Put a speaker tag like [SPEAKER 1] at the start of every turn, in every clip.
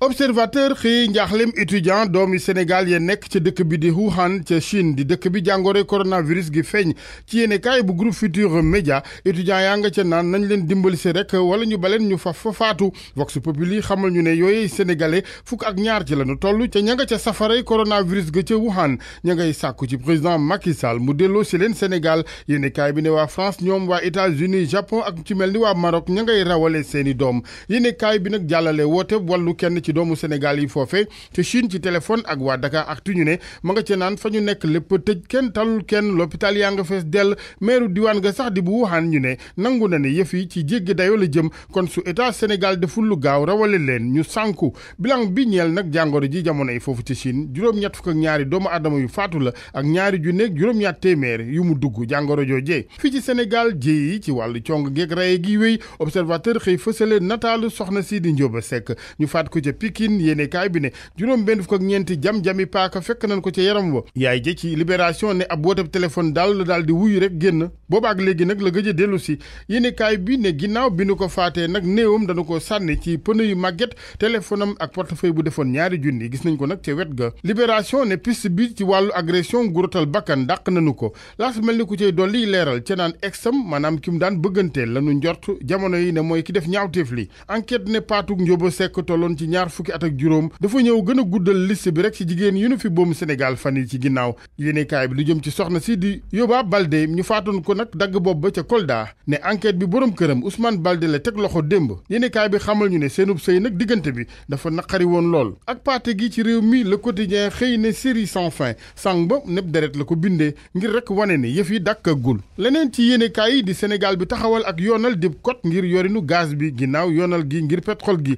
[SPEAKER 1] observateur xëy njaaxlem étudiant doomi Sénégal ya nekk ca dëkk bi di Wuhan ca Chine di dëkk bi jàngoro coronavirus gi feeñ ci yéenekaay bu groupe Futurs Médias étudiant yaa nga ca naan nañ leen dimbali si rek wala ñu baleen ñu fa fa faatu Vox Populi xamal ñu ne yooyu sénégalais fukk ak ñaar ci lañu toll ca ña nga ca safaray coronavirus ga ca Wuhan ña ngay sàkku ci président Macky Sall mu delloo si leen Sénégal yéenekaay bi ne waa France ñoom waa États-Unis Japon ak ci mel ni waa Maroc ña ngay rawale seeni doom yéenekaay bi nag jàllale woote wàllu kenn ci doomu Sénégal yi foofe te Chine ci téléphone ak waa Dakar Actu ñu ne mu nga ca naan fa ñu nekk lépp tëj kenn talul kenn l'hôpital yaa nga fees dell meeru diwaan nga sax di bu Wuhan ñu ne nangu na ne yëf yi ci jéggi dayoo la jëm kon su état Sénégal deful lu gaaw rawale leen ñu sànku bilan bi ñeel nag jàngoro ji jamono yi foofu ci Chine juróom-ñett fukk ak ñaari doomu aadama yu faatu la ak ñaari ju nekk juróom-ñaat téeméer yu mu dugg jàngoro joojee fii ci Sénégal jéey ci wàllu cong geeg raye gi wéy observateur xëy fësale nataalu soxna si di Njóoba Sekk ñu faat ko ca Pikine yéene kaay bi ne juróom benn fukk ak ñeenti jam-jami paaka fekk nañ ko ca yaram wa yaay jë ci libération ne ab wootab téléphone daal la daal di wuyu rek génn ak léegi nag la gëj a dellu si yéene kaay bi ne ginnaaw bi nu ko faatee nag néewam dana ko sànni ci pneu yu màgget téléphone am ak portefeuille bu defoon ñaari junni gis nañ ko nag ca wet ga libération ne piste bi ci wàllu agression gurotal bakkan dàq nañu ko laas mel ni ku cay dolli leeral ca naan exam maanaam ki mu daan bëgganteel lanu njort jamono yi ne mooy ki def ñaawteef li enquête ne paatuk njóba sekk tolloon ci ñaar fukki at ak juróom dafa ñëw gën a guddal liste bi rek ci jigéen yu nu fi boom Sénégal fan yi ci ginnaaw yéenekaay bi lu jëm ci soxna si di Yoba Baldé ñu faatoon ko nag dagg bopp ba ca Kolda ne enquête bi boroom këram Ousmane balde la teg loxo démb yéenekaay bi xamal ñu ne seenub sëy nag diggante bi dafa naqari woon lool ak paate gi ci réew mi le quotidien xëy ne série sans fin sang ba nepp deret la ko bindee ngir rekk wane ni yëf yi dàkkagul leneen ci yéenekaay yi di Sénégal bi taxawal ak yoonal dib kot ngir yorinu gaz bi ginnaaw yoonal gi ngir pétrole gi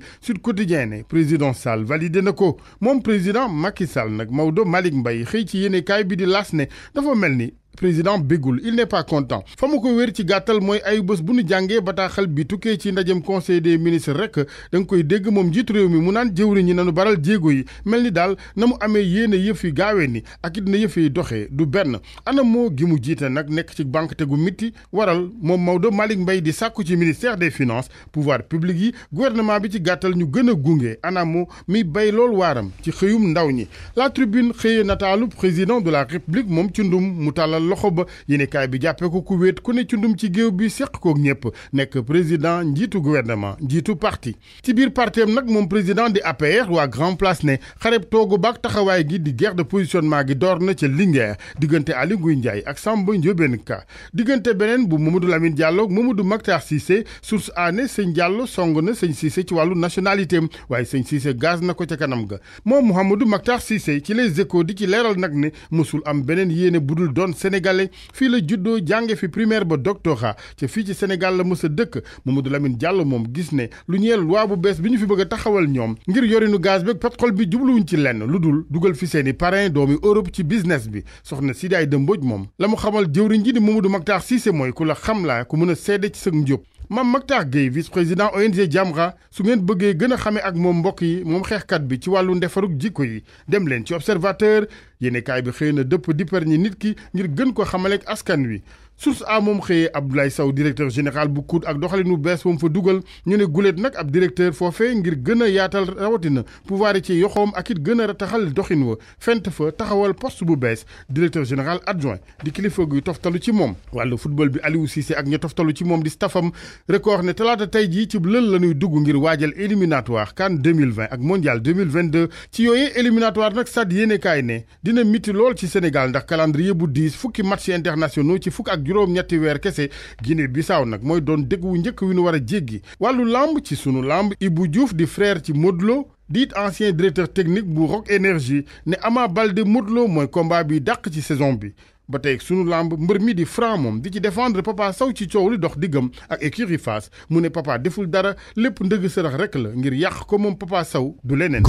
[SPEAKER 1] présidentielle validé na ko moom président Macky Sall nag Maodo Malick mbay xëy ci yéene kaay bi di las ne dafa mel ni président bégul il n'est pas content fa mu ko wér ci gàttal mooy ay bés bu nu jàngee bataaxal bi tukkee ci ndajem conseil des ministres rek da koy dégg moom njiitu réew mi mu naan jëwri ñi nanu baral jéego yi mel ni daal na mu amee yéene yëf yi gaawee ni ak it na yëf yi doxee du benn ana moo gi mu jiite nag nekk ci banque te gu mitti waral moom Maodo Malick mbay di sàkku ci ministère des finances pouvoir public yi gouvernement bi ci gàttal ñu gën a gunge anamu mi bay lool waaram ci xëyum ndaw ñi la tribune xëyee nataalu président de la république moom ci ndum loxo ba yéenekaay bi jàppee ko ku wéet ku ne cundum ci géew bi seq kook ñëpp nekk président njiitu gouvernement njiitu parti ci biir parti nag moom président di APR waa Grand Place ne xareb toogu baak taxawaay gi di guerre de positionnement gi door na ca Linguère diggante Aly Ngouille Ndiaye ak Samba Ndiobène Ka diggante beneen bu Mamadou Lamine du Mamadou Mactar Cissé source aané sëñ Diallo song na sëñ Cissé ci wàllu nationalité am waaye sëñ Cissé gaz na ko ca kanam ga moom Mouhamadou Mactar Cissé ci les échos di ci leeral nag ne mësul am beneen yéene sénégalais fii la juddoo jànge fi primaire ba doctorat ca fii ci Sénégal la mës a dëkk Mamadou Lamine Diallo moom gis ne lu ñeel loi bu bees bi ñu fi bëgg a taxawal ñoom ngir yorinu gaz beeg pétrole bi jubluwuñ ci lenn lu dul dugal fi seeni parrain doomi Europe ci business bi soxna Sidi Aïda moom la mu xamal jëwriñ ji di Mamadou Mactar Cissé mooy ku la xam laa ku mën a seede ci sa njóob Mame Mactar Guèye vice-président ONG Jamra su ngeen bëggee gën a xamee ak moom mbokk yi moom xeexkat bi ci wàllu ndefarug jikko yi dem leen ci observateur yéenekaay bi xëy na dëpp dipper nit ki ngir gën ko xamaleek askan wi source a moom xëyee ab Abdoulaye saw directeur général bu COUD ak doxalinu bees moom fa dugal ñu ne guléet nag ab directeur foofe ngir gën a yaatal rawatina pouvoir yi ci yoxoom ak it gën taxal doxin wa fent fa taxawal poste bu bees directeur général adjoint di kilifa guy toftalu ci moom wàllu football bi Aliou Cissé ak ña toftalu ci moom di stafam record ne talaata tey jii ci lël la ñuy dugg ngir waajal éliminatoire CAN 2020 ak mondial 2022 ci yooyee éliminatoire nag stade yéenekaay ne dina miti lool ci Sénégal ndax calendrier bu diis fukki match internationaux ci fukk ak juróom-ñetti weer kese bi saaw nag mooy doon dëgg wu njëkk wi nu war a jéggi wàllu làmb ci sunu i bu Diouf di frère ci Modou Lo diit ancien directeur technique bu Rock Énergie ne Ama Baldé Modou mooy combat bi dàq ci saison bi ba tey sunu làmb mbër mi di franc moom di ci défendre papa saw ci coow li dox diggam ak écurie Fass mu ne papa deful dara lépp ndëgg sërëx rek la ngir yàq ko moom papa saw du leneen.